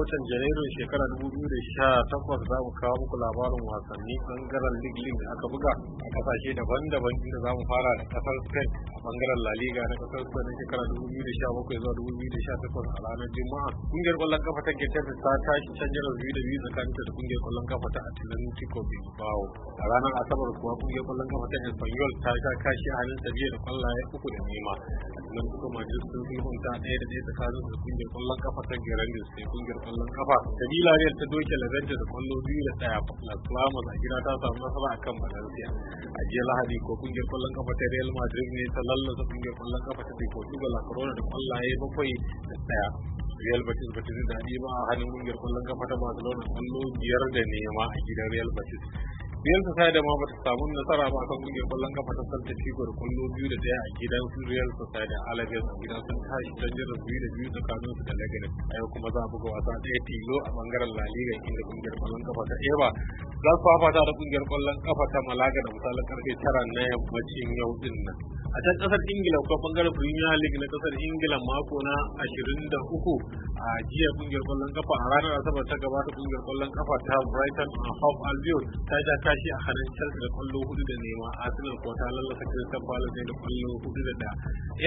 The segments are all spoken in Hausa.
watan janairun shekara 2018 za mu kawo muku labarin wasanni bangaren ligilin da aka buga a kasashe daban-daban inda za mu fara da kasar spain bangaren la liga na kasar spain na shekara 2017 zuwa 2018 a ranar juma'a kungiyar kwallon kafa ta getafe ta tashi can jiran biyu da biyu tsakanin ta da kungiyar kwallon kafa ta atlantico bilbao a ranar asabar kuwa kungiyar kwallon kafa ta espanyol ta sha kashi a halin sabiya da kwallaye uku da nema atlantico madrid sun sulhunta ɗaya da ɗaya tsakanin da kungiyar kwallon kafa ta gerandis sai kungiyar kwallon kafa da villarreal ta doke levante da kwallo biyu da daya las palmas a gida ta samu nasara a kan valencia a jiya lahadi ko kungiyar kwallon kafa ta real madrid ne ta lallasa kungiyar kwallon kafa ta deportivo la corona da kwallaye bakwai da daya Real Betis ba ta ji daɗi ba a hannun ƙungiyar kwallon kafa ta Barcelona kwallo biyar da nema a gidan Real Betis. Real da ma bata samu nasara ba kan kungiyar kwallon kafa ta Celta cikin da kwallo biyu da daya a gidan su Real Sociedad Alaves a gidan sun tashi don jira biyu da biyu tsakanin su da Leganes a yau kuma za a buga wasa ɗaya tilo a bangaren La Liga inda kungiyar kwallon kafa ta Eba za su fafata da kungiyar kwallon kafa ta Malaga da misalin karfe tara na yammacin yau din nan. a can kasar ingila ko bangaren premier league na kasar ingila mako na 23 a jiya kungiyar kwallon kafa a ranar asabar ta gabata kungiyar kwallon kafa ta brighton and hove albion ta ja kashi a hannun chelsea da kwallo hudu da nema arsenal ko ta lallasa crystal palace da kwallo hudu da daya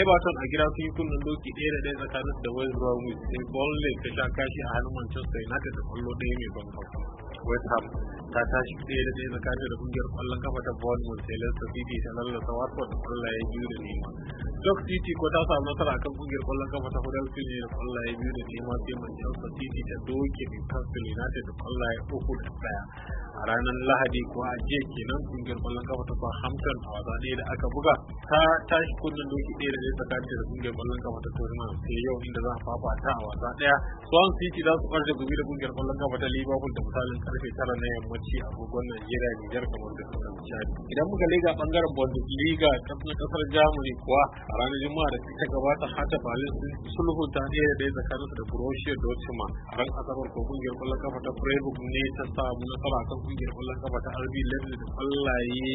everton a gida sun yi kunnen doki ɗaya da ɗaya tsakanin da west bromwich sai burnley ta sha kashi a hannun manchester united da kwallo ɗaya mai ban west ta tashi tsaye da tsaye tsakanin da kungiyar kwallon kafa ta Bournemouth sai Leicester City ta lallasa Watford da yi biyu da nema. Stoke City ko ta samu nasara kan kungiyar kwallon kafa ta Huddersfield da ya yi biyu da nema sai Manchester City ta doke Newcastle United da ya uku da daya. A ranar Lahadi ko a jiya kenan kungiyar kwallon kafa ta Southampton a wasa ɗaya da aka buga ta tashi kunnen doki ɗaya da ɗaya tsakanin da kungiyar kwallon kafa ta Tottenham sai yau inda za a fafa ta a wasa ɗaya. Swansea City za su ɓarje gumi da kungiyar kwallon kafa ta Liverpool da misalin karfe tara na yamma ce a gogon Najeriya jar kamar da kasar misali Idan muka liga bangaren Bundesliga ta kasar Germany kuwa a ranar Juma'a da ta gabata hata Berlin sun sulhu ta ɗaya da tsakanin da Borussia Dortmund a ran asabar ko kungiyar kwallon kafa ta Freiburg ne ta samu nasara kan kungiyar kwallon kafa ta RB Leipzig da kwallaye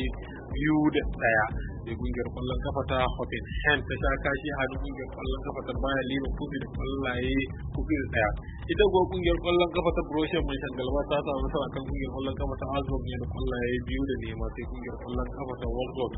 biyu da ɗaya. da kungiyar kwallon kafa ta Hoffenheim ta sha kashi a kungiyar kwallon kafa ta Bayern Leverkusen da kwallaye kuɗi da ɗaya. ita kuwa kungiyar kwallon kafa ta Croatia mai shangalba ta samu nasara kan kungiyar kwallon kafa ta Azbog ne da kwallaye biyu da nema sai kungiyar kwallon kafa ta Wolfsburg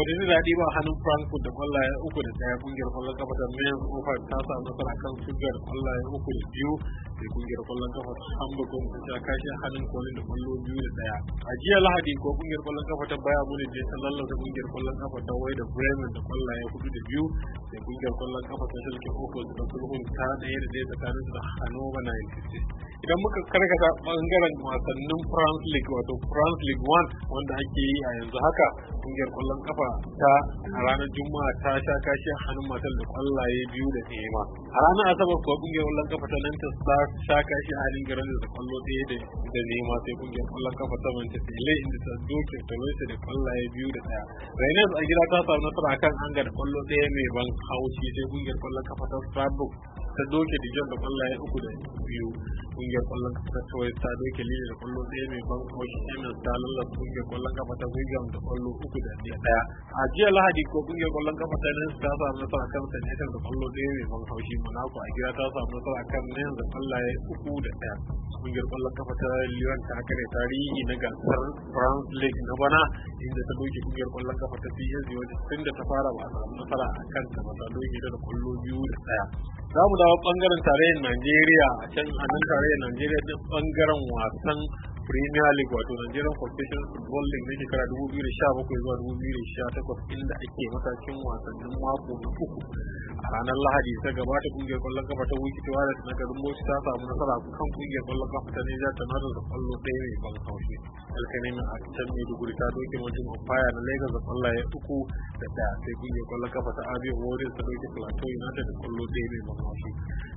ba da daɗi ba hannun frankfurt da kwallaye uku da ɗaya kungiyar kwallon kafa da mayan ofa ta samu nasara kan sugar kwallaye uku da biyu da kungiyar kwallon kafa ta hamburg da ta kashe hannun kwallon da kwallo biyu da ɗaya a jiya lahadi ko kungiyar kwallon kafa ta baya muni je ta lallata kungiyar kwallon kafa ta wai da bremen da kwallaye hudu da biyu da kungiyar kwallon kafa ta shirke uku da sulhun ta ɗaya da ɗaya tsakanin da hannover 96 idan muka karkata bangaren wasannin france league wato france league 1 wanda ake yi a yanzu haka kungiyar kwallon kafa ta a ranar juma'a ta sha kashin hannun matar da kwallaye biyu da nema a ranar asabar kuwa kungiyar kwallon kafa ta lantas ta sha kashin halin garin da kwallo ɗaya da nema sai kungiyar kwallon kafa ta manchester ilai inda ta doke tolosa da kwallaye biyu da ɗaya rainers a gida ta samu nasara akan hanga da kwallo ɗaya mai ban haushi sai kungiyar kwallon kafa ta strasbourg ta doke da jan da kwallaye uku da biyu kungiyar kwallon kafa ta wai ta doke lili da kwallo ɗaya mai ban kwashi emin ta lallata kungiyar kwallon kafa ta wigan da kwallo uku da ɗaya a jiya lahadi ko kungiyar kwallon kafa ta nan ta samu nasara kan sanatan da kwallo ɗaya mai ban kwashi monaco a gida ta samu nasara kan nan da kwallaye uku da ɗaya kungiyar kwallon kafa ta lyon ta kare tarihi na gasar france league na bana inda ta doke kungiyar kwallon kafa ta psg wajen tun da ta fara ba a samu nasara a kanta ba ta doke da kwallo biyu da ɗaya za mu dawo bangaren tarayyar Najeriya a can a nan tarayyar Najeriya din bangaren wasan Premier League wato Nigerian Professional Football League na shekara 2017 zuwa 2018 inda ake matakin wasannin mako na uku a ranar Lahadi ta gabata kungiyar kwallon kafa ta Wiki Tuwaret na garin Bauchi ta samu nasara kan kungiyar kwallon kafa ta Niger ta nazar da kwallo ɗaya mai ban haushi. Alkanin a can Maiduguri ta doke wajen Umpire na Lagos da kwallaye uku da ɗaya sai kungiyar kwallon kafa ta Abia Warriors ta doke Plateau United da kwallo ɗaya mai ban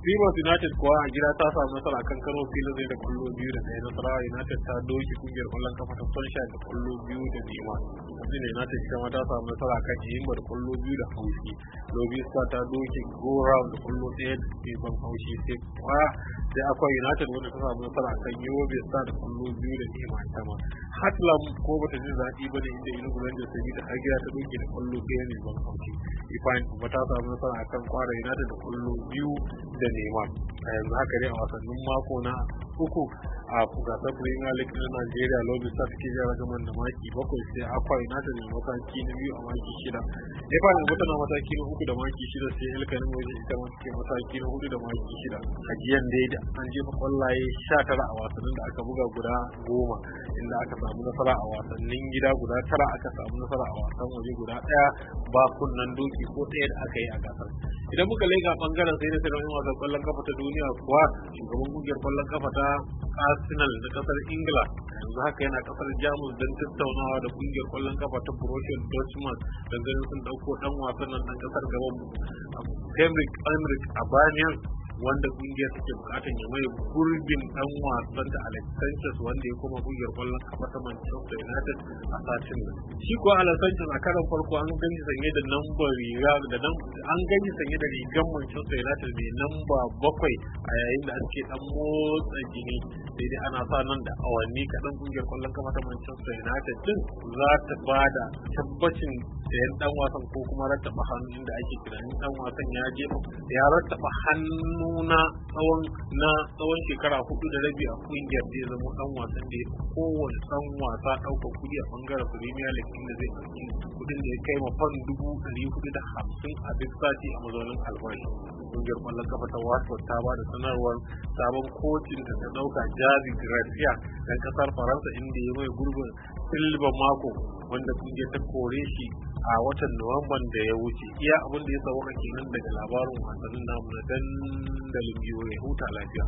Rivers United kuwa a gida ta samu nasara kan karo filin zai da kwallo biyu da ɗaya a United ta doki kungiyar kwallon kafa ta Sunshine da kwallo biyu da nema. da United ita ma ta samu nasara kan Jimba da kwallo biyu da haushi. Lobby ta doki Go Round da kwallo ɗaya da ke ban haushi sai kuwa sai akwai United wanda ta samu nasara kan Yobe Star da kwallo biyu da nema ita ma. Hatlam ko bata ji zaɓi ba ne inda yi Rangers ta bi da har gida ta doki da kwallo ɗaya ne ban haushi. Ifan kuma ta samu nasara kan Kwara United da kwallo biyu da neman a yanzu haka dai a wasannin mako na uku a gasar premier league na nigeria lobby star suke jira gaman da maki bakwai sai akwa united da mataki na biyu a maki shida efa yanzu tana mataki na uku da maki shida sai ilkanin waje ita ma suke mataki na hudu da maki shida a jiyan da an jefa kwallaye sha tara a wasannin da aka buga guda goma inda aka samu nasara a wasannin gida guda tara aka samu nasara a wasan waje guda daya ba kunnen doki ko ɗaya da aka yi a gasar idan muka lega bangaren sai da sirrin wasan kwallon kafa ta duniya kuwa shugaban kungiyar kwallon kafa ta arsenal na kasar ingila yanzu haka yana kasar jamus don tattaunawa da kungiyar kwallon kafa ta borussia dortmund don ganin sun dauko dan wasan nan dan kasar gaban henrik a bayan wanda kungiyar take bukatan ya mai gurbin dan wasan da Alex Sanchez wanda ya koma kungiyar kwallon kafa ta Manchester United a satin nan shi ko Alex Sanchez a karon farko an gani sanye da namba riga da nan an gani sanye da rigar Manchester United mai namba bakwai a yayin da ake dan motsa jini sai dai ana sa nan da awanni kaɗan kungiyar kwallon kafa ta Manchester United din za ta ba da tabbacin sayan dan wasan ko kuma rattaba hannun da ake tunanin dan wasan ya jefa ya rattaba hannu na tsawon na tsawon shekara hudu da rabi a kungiyar zai zama dan wasan da ya kowane dan wasa dauka kuɗi a bangaren Premier League inda zai ɗauki kuɗin da ya kai ma fan dubu ɗari hudu da hamsin a duk sati a mazaunin albashi. Kungiyar kwallon kafa ta Watford ta ba da sanarwar sabon kocin da ta dauka Javi Gracia dan kasar Faransa inda ya mai gurbin silba mako wanda kungiyar ta kore shi a watan nuwamban da ya wuce iya abin da ya sauka kenan daga labarin wasannin namu na dandalin biyu ya huta lafiya